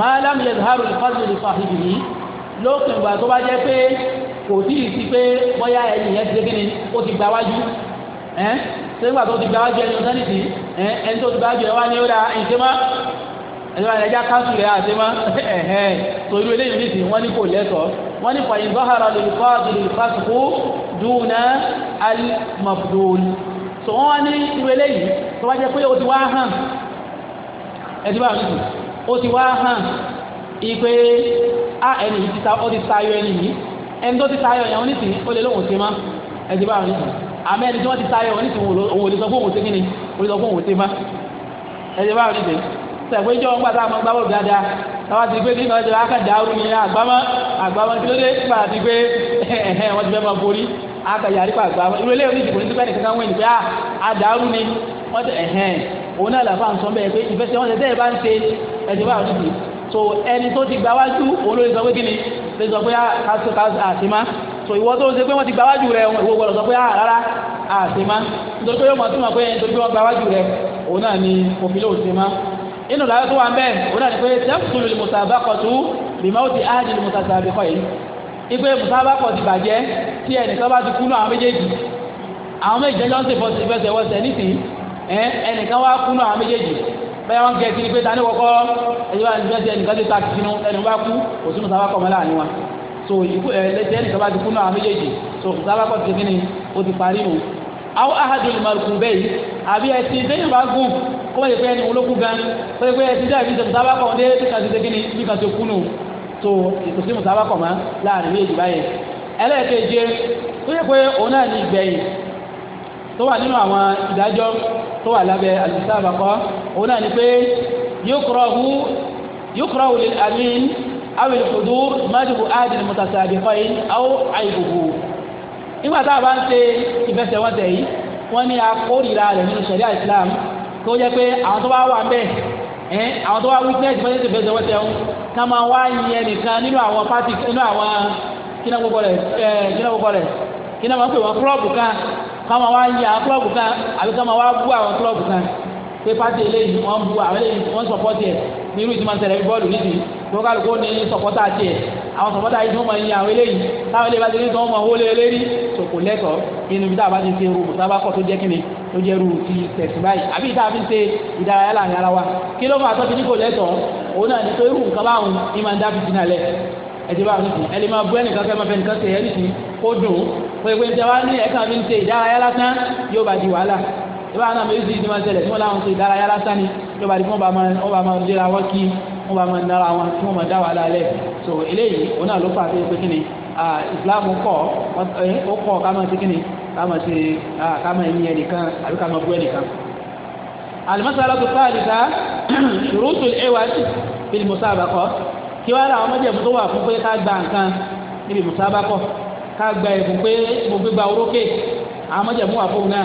Speaker 1: máa lámì lè dàrú ìfọ́sùn lè fa ìdì yìí lópin ìgbà tó bá jẹ́ pé kò tí ì sí pé bóyá ẹ̀yìn yẹn ti ṣe kíni ó ti gba wájú ẹ́ sẹ́gbà tó ti gba wájú ẹni ọ̀sán nìsí ẹ́ ẹni tó ti gba wájú ẹ wá ní ó ra ìṣe mọ́ ẹ̀ torí eléyìí nísìnyí wọ́n ní kò lẹ́tọ̀ọ́ wọ́n ní fàyín zahara lil fadil fasiqu duna al mafdul tó wọ́n wá ní irú eléyìí tó wá jẹ́ pé o ti wá hàn ẹtí bá mi o ti wá hàn ipe a ẹni yìí ti ta ọ ti tayọ ẹni yìí ẹni tó ti tayọ yẹn wọ́n ó lè lóhùn sí ma ẹtí bá mi àmọ́ ẹni tí wọ́n ti tayọ wọ́n òun ò lè sọ fún òun sí kí ni òun lè sọ fún òun sí ma ẹtí bá mi sẹ́gbẹ́jọ́ ń gbà táwọn ti gbé nígbà tó aka dàrú ni àgbámọ́ àgbámọ́ tí ó dé nígbà tí gbé ẹ̀hẹ́n wọ́n ti fẹ́ máa borí aka yàrí pa àgbámọ́ irú eléyìí onídìbò ní sípẹ́ nìkan wọ́n ènìyàn àdàrú ni wọ́n ti ẹ̀hẹ́n òun náà làbá nsọ bẹ́ẹ̀ pé ìfẹsẹ̀ wọn tẹ́tẹ́ bá ń ṣe ẹ̀sìn bá òdìdì so ẹni tó ti gbà wájú òun ló lè sọ pé kí ni lè sọ pé kásìkò àtìmá so ìwọ tó ń ṣe pé wọ́n ti gbà wájú rẹ ìwọ gbọ́dọ̀ sọ pé rárá àtìmá nítorí pé yóò mọ̀ sí wọn pé nítorí pé wọ́n gbà wájú rẹ òun náà ni òfin lóòótọ́ máa inú làwọn tó wà ń bẹ́ẹ̀ òun náà ni pé tẹ́kùtù lè mùsàbákọ̀tù bìmọ̀ ó ti áàdì lè mùsàbákọ̀ yìí ipe mùsàbákọ̀ ti bàjẹ́ tí ẹnìkan bá ti kúnú àwọn méjèèjì àwọn méjèèjì jọ ń ṣe fẹsẹ̀wọsẹ̀ nísìnyí ẹnìkan wá kúnú àwọn méjèèjì bẹ́ẹ̀ wọ́n gẹ̀ẹ́sì ni pé ta ní kọ́kọ́ ẹ̀yìn bá nígbà tí ti ta kìnnú ẹnì bá kú kò sínú sábàkọ̀ mọ́lá ni wọn so ìkú ẹ lẹ́sẹ̀ ẹnìkan bá ti kú náà méjèèjì so sábàkọ̀ ti kí ni o ti parí nù. àwọn ahadul maruku bẹ́ẹ̀ àbí ẹtì bẹ́ẹ̀ wọ́n yẹ pé ẹni olókùn gan wọ́n yẹ pé ẹ ti dá ìbí ìṣẹ̀mùsá bá kàn dé bí kan ti ṣe kíni bí kan ti kú nù tó ètò sí mùsá bá kàn mọ́ láàrin méjì báyìí ẹlẹ́ẹ̀keje tó yẹ pé òun náà ní ìgbẹ̀yìn tó wà nínú àwọn ìdájọ́ tó wà lábẹ́ àdìsá àbàkọ́ òun náà ní pé yukrahu lil amin aw al hudur madhu ahad al mutasabiqain tó jẹ́ pé àwọn tó bá wà bẹ́ẹ̀ ẹ̀ àwọn tó wá witness fẹ́ẹ́ tẹ̀ fẹ́ẹ́ tẹ̀ wọ́n ká máa wá yin ẹnìkan nínú àwọn pati nínú àwọn kíná gbogbo rẹ̀ ẹ̀ kíná gbogbo rẹ̀ kíná máa ń pè wọ́n klọ́ọ̀bù kan ká máa wá yin àwọn klọ́ọ̀bù kan àbí ká máa wá bú àwọn kan. pé pàtẹ eléyìí wọ́n bu àwọn eléyìí wọ́n sọ̀pọ̀tì ẹ̀ ní irú ìtumọ̀ tẹ̀lé bọ́ọ̀lù nídìí tó kálukú ní sọ̀pọ̀tà tiẹ̀ àwọn sọ̀pọ̀tà yìí tó mọ̀ ní àwọn eléyìí táwọn eléyìí bá ti ní sọ wọn wọlé eléyìí sòkò lẹ́tọ̀ inú bí táwa bá ti ṣe irú mùsàbá kọ̀ tó jẹ́ kíni tó jẹ́ irú ti tẹ̀sìn báyìí àbí ìta fi ṣe ìdárayá láàrin ara wa kí ló máa tọ́jú ní kò lẹ́tọ̀ òun náà ní tó irú nǹkan báwọn ní máa ń dá fìdí náà lẹ̀ ẹ̀dí báwọn nìkan ẹni máa bú ẹnìkan kẹ́ máa fẹ́ nìkan ṣe ẹnìkan kó dùn pé pé ń tẹ́wá ní ẹ̀ka fi ń ṣe ìdárayá lásán yóò bá di wàhálà ìwà náà méjì ti máa ṣẹlẹ̀ tí wọ́n láwọn ṣe ìdárayá lásán ni tí wọ́n bá di fún ọba máa lera wọn kí wọ́n bá máa nara wọn tí wọ́n máa dá wà lálẹ́ so eléyìí òun náà ló fà á pé kí ni Islam kọ́ ó kọ́ ká máa ṣe kí ni ká máa ṣe ká máa yin ẹnìkan àbí ká máa bú ẹnìkan. al-mas'alatu thalitha shurutu al-iwaj bil musabaqah kí wàá làwọn mọ̀jẹ̀mú tó wà fún pé ká gba nǹkan níbi musabaqah ká gba ẹ̀bùn pé mo gbé gba orókè àwọn mọ̀jẹ̀mú wà fún náà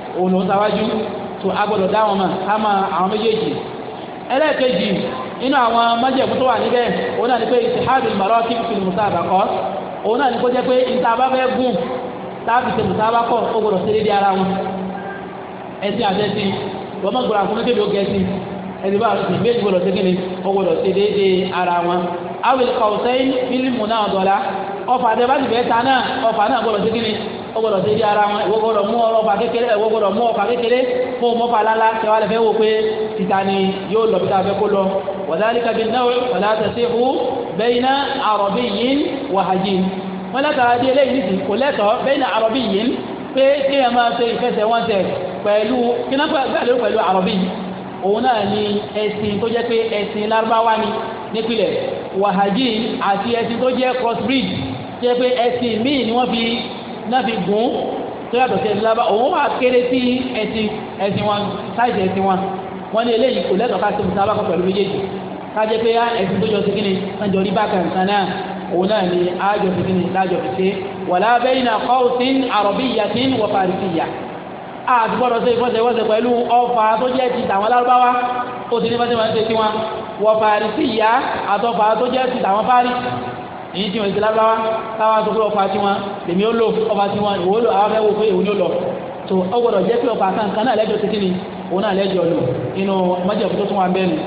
Speaker 1: òun ló sáwájú tó a gbọ́dọ̀ dá wọn mọ̀ ká mọ àwọn méjèèjì ẹlẹ́ẹ̀kejì inú àwọn májẹ̀mú tó wà níbẹ̀ òun náà ní pé ìtìhádù ìmọ̀rọ̀ kí fi lè àbàkọ́ òun náà ní kó jẹ́ pé bá ara wọn ẹsìn àtẹ́sìn wọ́n mọ̀ gbọ́dọ̀ àkúnlé kébì ẹni bá ti méjì gbọ́dọ̀ sí kíni ó gbọ́dọ̀ ara wọn. awìlì kọ̀ọ̀sẹ́yìn fílímù náà ó gbọ́dọ̀ sí di ara wọn ìwọ gbọ́dọ̀ mú ọfà kékeré ìwọ gbọ́dọ̀ mú ọfà kékeré fún ọmọfà lálá tẹwà lẹfẹ wò pé títa ni yóò lọ bíta fẹ kó lọ wadhalika bin-naw' wala tasihu bayna arabiyyin wa hajjin wọn látara di eléyìí nìsín kò lẹ́tọ̀ bayna arabiyyin pé kí ẹ máa ṣe ìfẹsẹ̀wọnsẹ̀ pẹ̀lú kí náà pẹ̀lú pẹ̀lú àrọ̀bí òun náà ni ẹ̀sìn tó jẹ́ pé ẹ̀sìn lárúbáwá ni nípìnlẹ̀ wàhájì àti ẹ̀sìn tó jẹ́ crossbreed jẹ́ pé ẹ̀sìn míì ni wọ́n fi náà fi gùn tó yàtọ̀ sí ẹ̀sìn lábá òun wà kéré sí ẹ̀sìn ẹ̀sìn wọn sáìsì ẹ̀sìn wọn wọn ní eléyìí kò lẹ́tọ̀ọ́ ká ṣe mùsàlábà kan pẹ̀lú méjèèjì kájẹ́ pé ah, ẹ̀sìn tó jọ sí kíni náà jọ rí bákan kan náà òun náà ni àjọ sí kíni lájọ fi ṣe wàlá bayna qawsin arabiyyatin wa farisiyya àti gbọ́dọ̀ ṣe ìfọ́sẹ̀wọ́sẹ̀ pẹ̀lú ọfà tó jẹ́ ti tàwọn lárúbáwá ó ti ní fọ́sẹ̀ máa ń ṣe tiwọn wọ fàrísíyà àtọfà tó jẹ́ ti tàwọn fárí èyí tí wọ́n ti lábáwá táwa sọ pé ọkọ̀ àti wọn lèmi ó lò ọba tí wọn ìwò àwọn fẹ́ wo pé èwo ó lọ tó ọ jẹ́ pé ọkọ̀ àkànkàn náà lẹ́jọ́ títí ni òun náà lẹ́jọ́ lò nínú mọ́jẹ̀kú tó tún wà bẹ́ẹ̀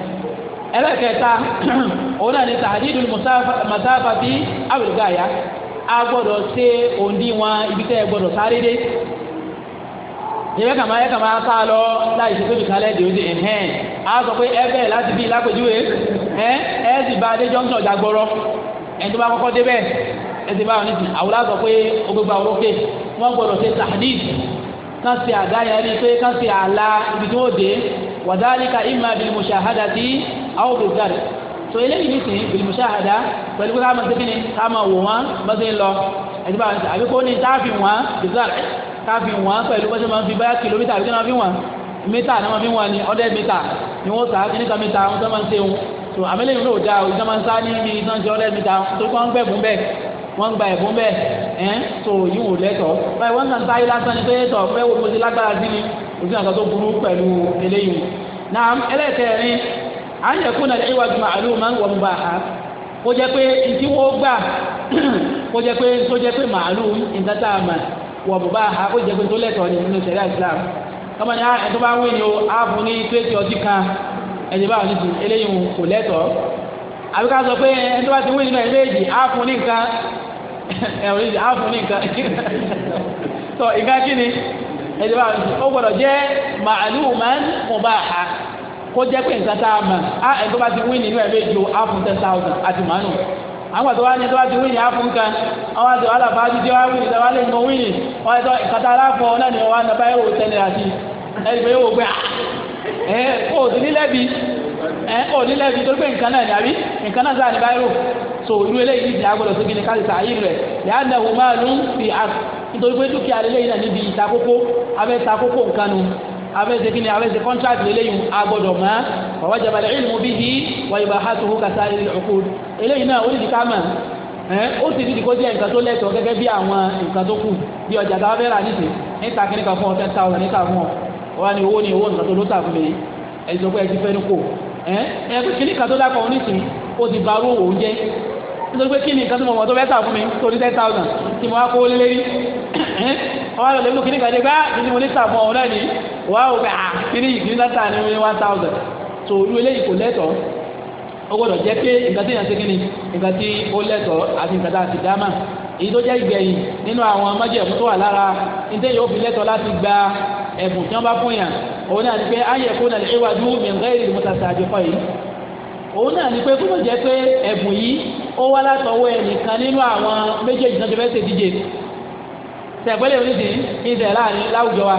Speaker 1: ẹlẹ́kẹta òun náà ni tàdídù mùsáfà tí áwìlúgà yá a gbọ́dọ̀ ṣe òǹdíwọ̀n ibi tẹ́ gbọ́dọ̀ sáré dé ẹ ẹni tó bá kọ́kọ́ débẹ̀ ẹsẹ̀ báwọn nìkan àwòrán sọ pé ó gbogbo àwọn òkè wọ́n gbọ́dọ̀ ṣe tahdid kan ṣe àdáyà ẹni pé kan ṣe àlà ibi tí wọ́n dé wàdálíkà ìmọ̀ bìlìmùsàhádà tí àwọn bìlìmùsàhádà tó eléyìí nìsín bìlìmùsàhádà pẹ̀lú pé káàmọ̀ sí kíni káàmọ̀ wò wọ́n bọ́sẹ̀ ń lọ ẹ̀dí bá wọn ṣe àbíkó ní táàfin wọn bìlìmùsàhádà táàfin wọn pẹ̀lú bọ́sẹ̀ máa ń fi báyà kìlómítà àbíkó náà fi wọn mítà náà fi wọn ni ọ̀dẹ́ mítà ni wọ́n sàá kíníkà mítà wọn tó máa ń ṣe wọn so àmẹ́lẹ́ nwere ló o ìjọba ń sá ní ibi jọ lẹ́nu tó kọ́ ń bẹ́ẹ̀ wọ́n bẹ́ẹ̀ ẹ̀ so lẹ́tọ̀ wọ́n sáyé lásán pé tọ̀ wo lágbára sí ni o ti tó burú pẹ̀lú eléyìí náà ẹlẹ́kẹ̀rin à ń yẹ̀kú nà ọ jùmọ̀ àlù máa ń wọ̀ mú kó jẹ́ pé ntí wọ́n gbà kó jẹ́ pé tó jẹ́ a ẹ̀jẹ̀ báwọn ní ti eléyìí kò lẹ́tọ̀ọ́ àbí ká sọ pé ẹni tó bá ti wí nínú ẹ̀mẹ́jì á fún ní nǹkan ẹ̀rùn ìjì á fún ní nǹkan tọ ìgbà kí ni ẹ̀jẹ̀ báwọn ní ti ó gbọ́dọ̀ jẹ́ ma'luman mubaha kó jẹ́ pé nǹkan tá a mọ̀ á ẹni tó bá ti wí nínú ẹ̀mẹ́jì á fún ten thousand àti màánù àwọn àti wáyé tó bá ti wíyìn áfún kan àwọn àti wàhálà bá ti jẹ́ wíyìn tó lè mọ wíyìn wọ́n ti sọ ìkàtà aláfọ̀ náà ni wọ́n wá nàbáyé wò tẹ́lẹ̀ àti ẹni pé yóò gbé ẹ kò sí nílẹ̀bi ẹ kò nílẹ̀bi tó pé nǹkan náà ní àbí nǹkan náà sáà ní báyìí so irú eléyìí ti agbọ́dọ̀ sí kí ni káàdì sàáyé rẹ̀ yàrá wo máa ló ń fi à nítorí pé dúkìá eléyìí náà níbi ìtakókó abẹ́ takókó nǹkan nu abẹ́ ṣe kí ni abẹ́ ṣe kọ́ńtrákì eléyìí agbọ́dọ̀ mọ́ wàwá jabalẹ̀ ìlú bí wà ha tó kasa wọ́n á ní owó ní owó nǹkan tó ló tà fún mi ẹ̀yìn tó pé ẹ ti fẹ́ ní kò ẹ̀ ẹ̀ pé kíní kan tó dákọ̀ ọ́ nísìnyí ó ti barú òun jẹ́ nítorí pé kíní kan tó mọ̀ mọ́ tó fẹ́ tà fún mi tó ní ten thousand tí mo wá kó lé lérí wọ́n á lọ lébú kíní kan dé gbá kíní mo ní tà jẹ́ ìgbẹ̀yìn nínú àwọn májẹ̀mú tó wà lára ní tẹ́yìn fi lẹ́tọ̀ọ́ láti gba ẹ̀bùn tí wọ́n bá fún yàn òun náà ni pé ayé kó nà lè wájú mìíràn èrè mọ́tàṣà àjọpọ̀ yìí òun náà ni pé kó ló jẹ́ pé ẹ̀bùn yìí ó wá látọwọ́ ẹnìkan nínú àwọn méjèèjì náà ti fẹ́ ṣèdíje tẹ̀gbẹ́lẹ̀ oníṣìí ní láàrin láwùjọ wa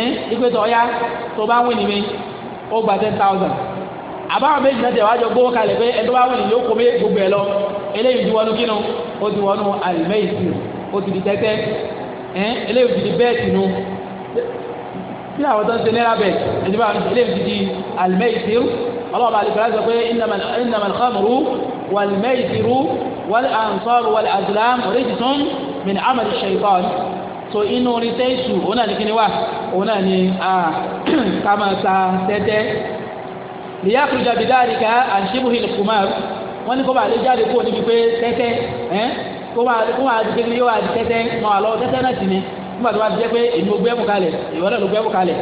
Speaker 1: ẹ̀ ìpè tó ọ̀yá tó bá wìn ní ó gba ten thousand àbáwọn méjì náà tẹ̀ wájọ gbówó kalẹ̀ pé ẹni tó bá wìn ní ó ti kí àwọn tó ń ṣe náírà bẹ̀ ẹni bá ilé ti di alimẹ́yìtìrú ọlọ́ọ̀bà àlùkòrá sọ pé innamal khamru wal maytiru wal min amali shaytan so inú orin tẹ́sù òun náà ní kíni wà òun náà ní ká máa ta tẹ́tẹ́ lìyàkùrìjà bidhalika an shibuhil khumar wọ́n ní kó bá lè jáde kó ni nígbà tó bá jẹ́ pé èmi ò gbé ẹ̀mú kalẹ̀ ìwọ náà ló gbé ẹ̀mú kalẹ̀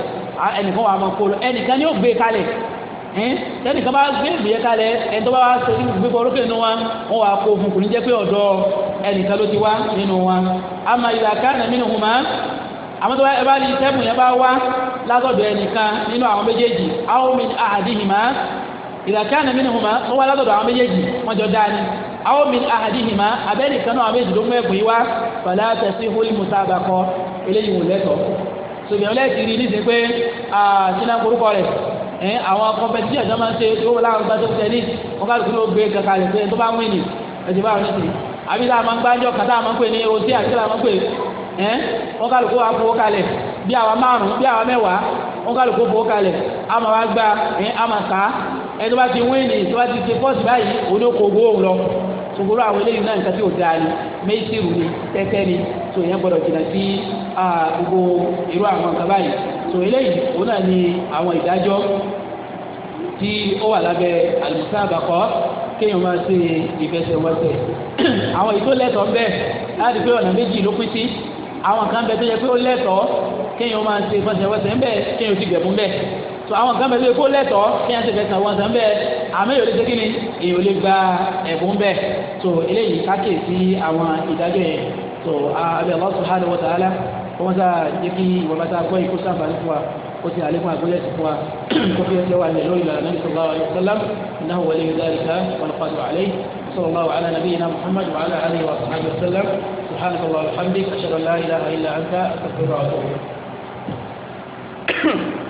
Speaker 1: ẹnìkan wà á máa kó lọ ẹnìkan ni ó gbé kalẹ̀ tẹnìkan bá gbé ìgbé kalẹ̀ ẹni tó bá wá sọ gbé kọrókè nínú wa wọn wà kó fún kò ní jẹ́ pé ọ̀dọ̀ ẹnìkan ló ti wá nínú wa ama ìlà kánà mí nìhùn máa àwọn tó bá ẹ bá yẹn bá wá látọ̀dọ̀ ẹnìkan nínú àwọn méjèèjì àwọn mi àdìhì máa ìlà kánà mí nìhùn máa wọ́n wá látọ̀dọ̀ àwọn méjèèjì wọ́n jọ dáa ni àwọn mi ahadihima abẹ́ni kanáà àwọn méjì ló mú ẹ̀bùn yìí wá fàlà tẹ̀sí hóli musa àbàkọ eléyìí wò lẹ́tọ̀ sọ̀bìyàn lẹ́ẹ̀kì rí níṣẹ́ pé sínú àkórúkọ rẹ̀ ẹ̀ àwọn kọ́mpẹ́tì ẹ̀jọ́ máa ń ṣe tó wọ́n láwọn gbàtọ́ tẹ̀lé wọ́n ká lóko gbé kankan rẹ̀ pé tó bá wìn ní ẹ̀jẹ̀ báwọn ti àbí tá a máa ń gbájọ́ kàtà a máa ń pè ní oṣù àti tá a máa ń pè ẹ́ wọ́n ká lóko wá fowó kalẹ̀ bí àwa márùn-ún bí àwa mẹ́wàá wọ́n ká lóko fowó kalẹ̀ a máa wá gba ẹ̀ a máa kà á ẹ̀ tó bá ti wìn ní tó bá ti ṣe fọ́ọ̀sì báyìí òun ló kó owó sògbóró àwọn eléyìí náà nǹkan tí ò dáa ni méjìlú ni tẹ́tẹ́ ni tó yẹn gbọ́dọ̀ jìnnà sí gbogbo irú àwọn nǹkan báyìí tó eléyìí òun náà ni àwọn ìdájọ́ tí ó wà lábẹ́ àlùmùsáàbàkọ́ kéèyàn máa ṣe ìfẹsẹ̀wọnsẹ̀ àwọn èyí tó lẹ́tọ̀ọ́ bẹ́ẹ̀ láti pé ọ̀nà méjì ló pín sí àwọn kan bẹ tó yẹ pé ó lẹ́tọ̀ọ́ kéèyàn máa ṣe ìfẹsẹ̀wọnsẹ̀ ńbẹ kéèyàn ti gbẹ̀mú bẹ́ẹ̀ tó àwọn nǹkan bẹ̀rẹ̀ kó lẹ́tọ̀ọ́ kí wọ́n ti fẹ́ san wọn san bẹ́ẹ̀ àmọ́ èyí ò lè ṣe kí ni èyí ò lè gba ẹ̀bùn bẹ́ẹ̀ tó eléyìí káàkiri sí àwọn ìdájọ́ yẹn tó abẹ́ Allah subhanahu wa ta'ala kó wọ́n sáà jẹ́ kí ìwọ bá sáà ikú sáǹfààní fún wa kó ti àlékún àgbélẹ̀ sí fún wa kó fi ẹsẹ̀ wà ní lórí ìlànà nabi sallallahu alaihi wasallam innahu waliyyu dhalika wal qadiru alayhi sallallahu ala nabiyyina muhammad wa ala alihi wa sahbihi wa sallam subhanaka allahumma wa bihamdika ashhadu an la ilaha illa anta astaghfiruka